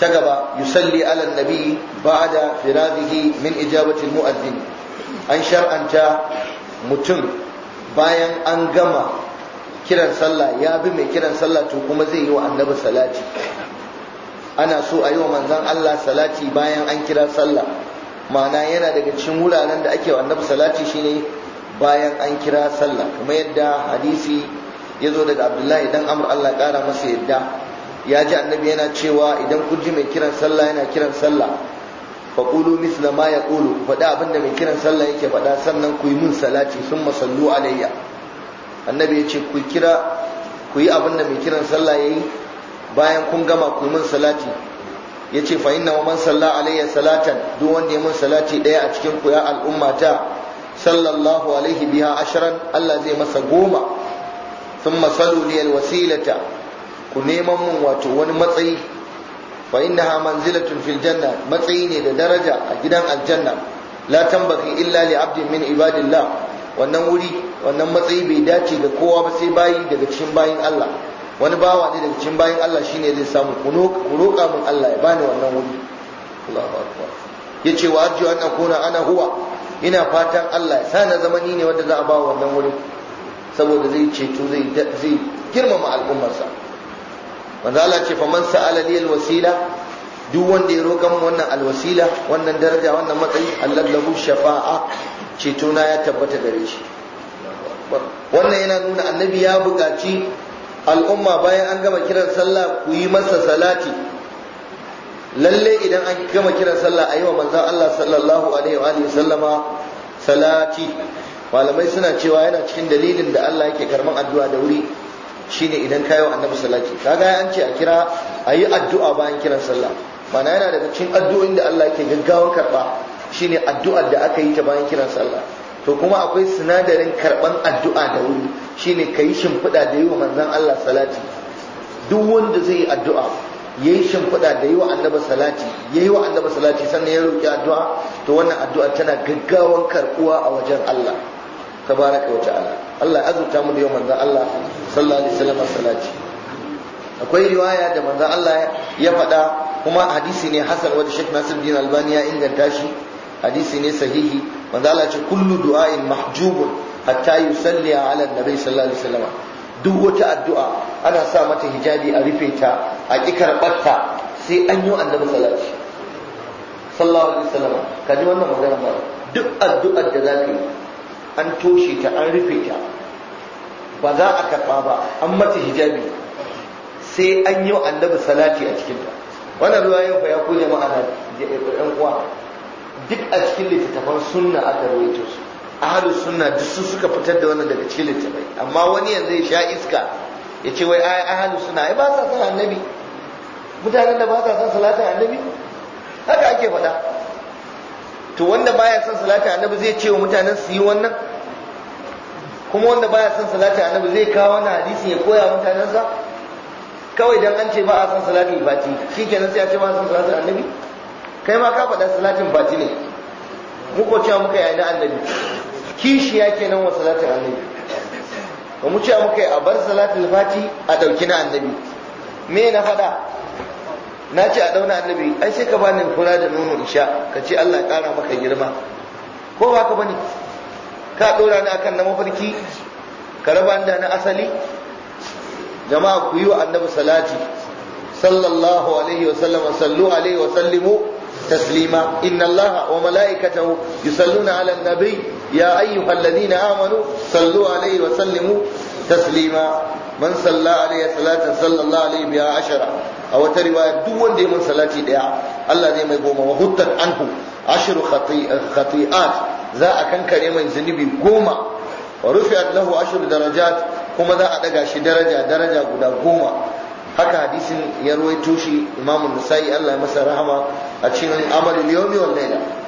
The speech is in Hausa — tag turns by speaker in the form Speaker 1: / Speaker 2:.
Speaker 1: تقبى يصلي على النبي بعد فراغه من إجابة المؤذن أن shar'anta متم bayan an gama kiran sallah ya bi mai kiran sallah to kuma zai yi wa annabi salati ana so a yi wa manzan Allah salati bayan an kira sallah ma'ana yana daga cikin wuraren da ake wa annabi salati shine bayan an kira sallah kuma yadda hadisi ya zo daga abdullahi dan amur Allah ƙara masa yadda ya ji annabi yana cewa idan kun ji mai kiran sallah yana kiran sallah faƙulu misla ma ya faɗi abin da mai kiran sallah yake faɗa sannan ku yi mun salati sun masallu alayya annabi ya ce ku yi abin mai kiran sallah ya yi bayan kun gama ku yi mun salati ya ce fa inna man salla alayya salatan duk wanda ya mun salati ɗaya a cikin ku ya al'ummata sallallahu alaihi biha ashiran Allah zai masa goma sun masalu liyal wasilata ku neman mun wato wani matsayi fa ha manzilatun fil janna matsayi ne da daraja a gidan aljanna la tambaki illa li abdin min ibadillah wannan wuri wannan matsayi bai dace ga kowa ba sai bayi daga cikin bayin Allah wani bawa ne daga cikin bayin Allah shine zai samu ku roƙa mun Allah ya bani wannan wuri Allahu akbar yace wa arju an akuna ana huwa ina fatan Allah ya sa na zamani ne wanda za a ba wannan wuri saboda zai ceto zai girmama al'ummarsa manzo Allah ce man sa'ala li alwasila duk wanda ya roƙan wannan alwasila wannan daraja wannan matsayi Allah lahu shafa'a cetona na ya tabbata gare shi wannan yana nuna annabi ya buƙaci al'umma bayan an gama kiran sallah ku yi masa salati lalle idan an gama kiran sallah a yi wa manzon Allah sallallahu alaihi wa sallama salati malamai suna cewa yana cikin dalilin da Allah yake karban addu'a da wuri shine idan kayi wa annabi salati kaga an ce a kira ayi addu'a bayan kiran sallah mana yana daga cikin addu'o'in da Allah yake gaggawar karba shine addu'ar da aka yi ta bayan kiran sallah to kuma akwai sinadarin karban addu'a da wuri shine kayi shimfiɗa da yi manzon Allah salati duk wanda zai yi addu'a yayi shimfiɗa da yi wa annabi salati yayi wa annabi salati sannan ya roki addu'a to wannan addu'a tana gaggawan karbuwa a wajen Allah tabaraka wa ta'ala Allah ya azurta mu da yau manzon Allah sallallahu alaihi wasallam salati akwai riwaya da manzo Allah ya faɗa kuma hadisi ne hasan wanda Sheikh Nasiruddin Albani ya inganta shi hadisi ne sahihi manzo Allah ce kullu du'ain mahjubun hatta yusalli ala nabi sallallahu alaihi wasallam duk wata addu'a ana sa mata hijabi a rufe ta a kikar batta sai an yi annabi salati sallallahu alaihi wasallam kaji wannan magana ba duk addu'ar da zaka yi an toshe ta an rufe ta ba za a karɓa ba an mace hijabi sai an yi annabi salati a cikin ta wannan yau fa ya kone ma'ana da ɗan uwa duk a cikin littattafan sunna aka rawaito su ahlus sunna duk su suka fitar da wannan daga cikin littattafai amma wani yanzu ya sha iska ya ce wai ai ahlus sunna ai ba sa san annabi mutanen da ba sa san salatin annabi haka ake faɗa to wanda baya san salatin annabi zai ce wa mutanen su yi wannan kuma wanda baya son salati annabi zai kawo wani hadisi ya koya mutanensa kawai dan an ce ba a son salatin fati shikenan sai a ce ba a son salati annabi kai ma ka faɗa salatin fati ne mu ko cewa muka yi na annabi ke kenan wa salatin annabi ba mu cewa muka yi a bar salatin fati a ɗauki na annabi me na faɗa na ce a ɗauna annabi ai sai ka bani fura da nono in sha ka ce Allah ya ƙara maka girma ko ba ka bane ka dora ni akan na mafarki ka raba da na asali jama'a ku yi wa annabi salati sallallahu alaihi wa sallam sallu alaihi wa sallimu taslima inna Allah wa mala'ikatahu yusalluna ala nabi ya ayyuhalladhina amanu sallu alaihi wa sallimu taslima man salla alaihi salatan sallallahu alaihi biha ashara a wata riwaya duk wanda ya mun salati daya Allah zai mai goma wa huttat anhu ashru khati'at za a kankare mai zunubi goma rufe rufi'at lahu ashru darajat kuma za a daga shi daraja daraja guda goma haka hadisin ya ruwaito shi imamun nasai Allah ya masa rahama a cikin amalin yomi wal laila